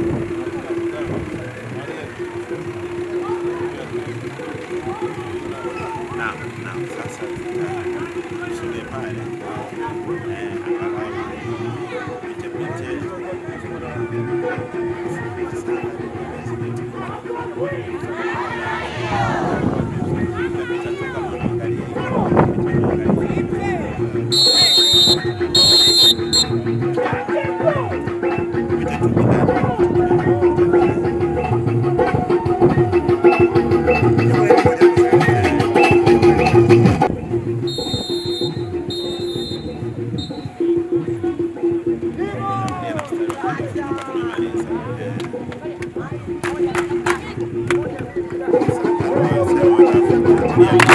Thank you. Thank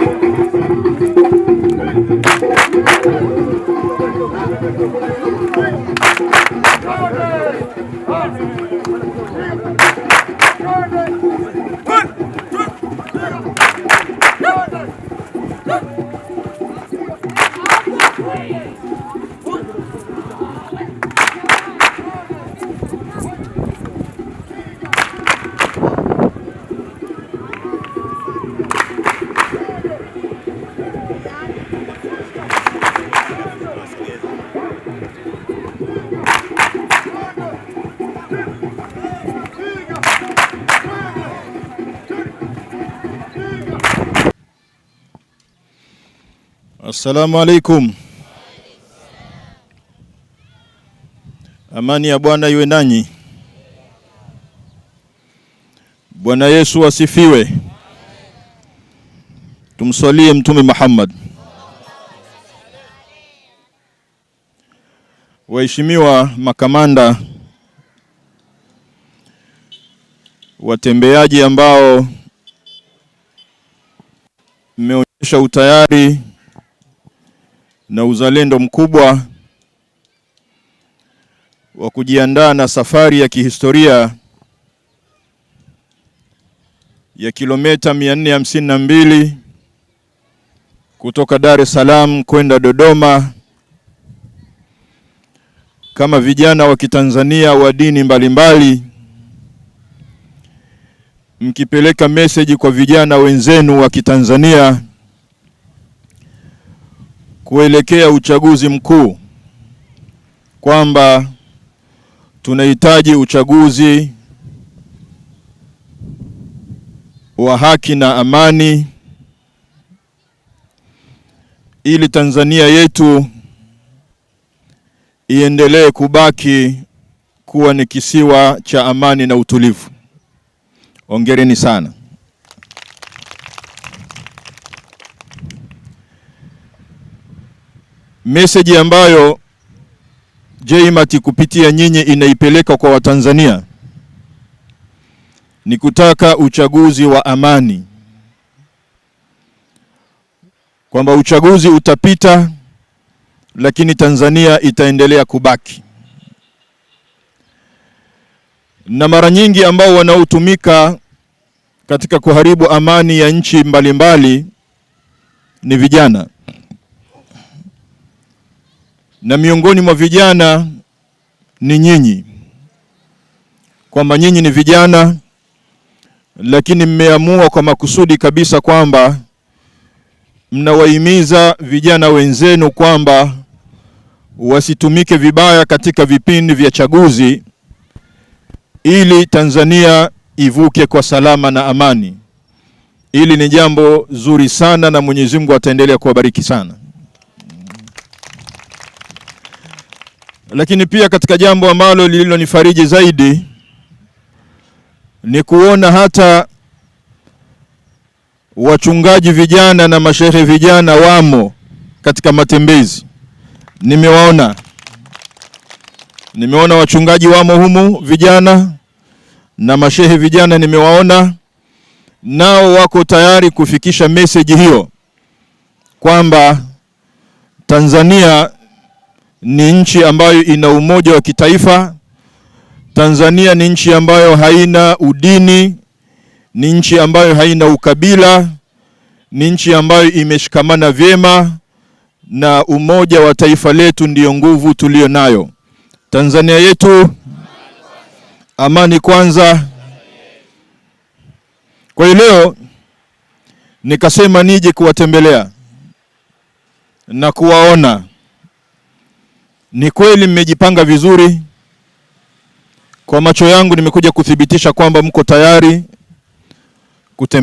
you. Assalamu alaikum. Amani ya Bwana iwe nanyi. Bwana Yesu asifiwe. Tumswalie Mtume Muhammad. Waheshimiwa makamanda, watembeaji ambao mmeonyesha utayari na uzalendo mkubwa wa kujiandaa na safari ya kihistoria ya kilomita 452 kutoka Dar es Salaam kwenda Dodoma kama vijana wa Kitanzania wa dini mbalimbali mkipeleka meseji kwa vijana wenzenu wa Kitanzania kuelekea uchaguzi mkuu kwamba tunahitaji uchaguzi wa haki na amani ili Tanzania yetu iendelee kubaki kuwa ni kisiwa cha amani na utulivu. Hongereni sana. meseji ambayo JMAT kupitia nyinyi inaipeleka kwa Watanzania ni kutaka uchaguzi wa amani, kwamba uchaguzi utapita, lakini Tanzania itaendelea kubaki. Na mara nyingi ambao wanaotumika katika kuharibu amani ya nchi mbalimbali ni vijana na miongoni mwa vijana ni nyinyi, kwamba nyinyi ni vijana, lakini mmeamua kwa makusudi kabisa kwamba mnawahimiza vijana wenzenu kwamba wasitumike vibaya katika vipindi vya chaguzi ili Tanzania ivuke kwa salama na amani. Hili ni jambo zuri sana na Mwenyezi Mungu ataendelea kuwabariki sana. Lakini pia katika jambo ambalo lililonifariji zaidi ni kuona hata wachungaji vijana na mashehe vijana wamo katika matembezi. Nimewaona, nimeona wachungaji wamo humu vijana na mashehe vijana, nimewaona nao wako tayari kufikisha meseji hiyo kwamba Tanzania ni nchi ambayo ina umoja wa kitaifa. Tanzania ni nchi ambayo haina udini, ni nchi ambayo haina ukabila, ni nchi ambayo imeshikamana vyema, na umoja wa taifa letu ndiyo nguvu tuliyo nayo. Tanzania yetu, amani kwanza. Kwa hiyo leo nikasema nije kuwatembelea na kuwaona ni kweli mmejipanga vizuri. Kwa macho yangu nimekuja kuthibitisha kwamba mko tayari kutembea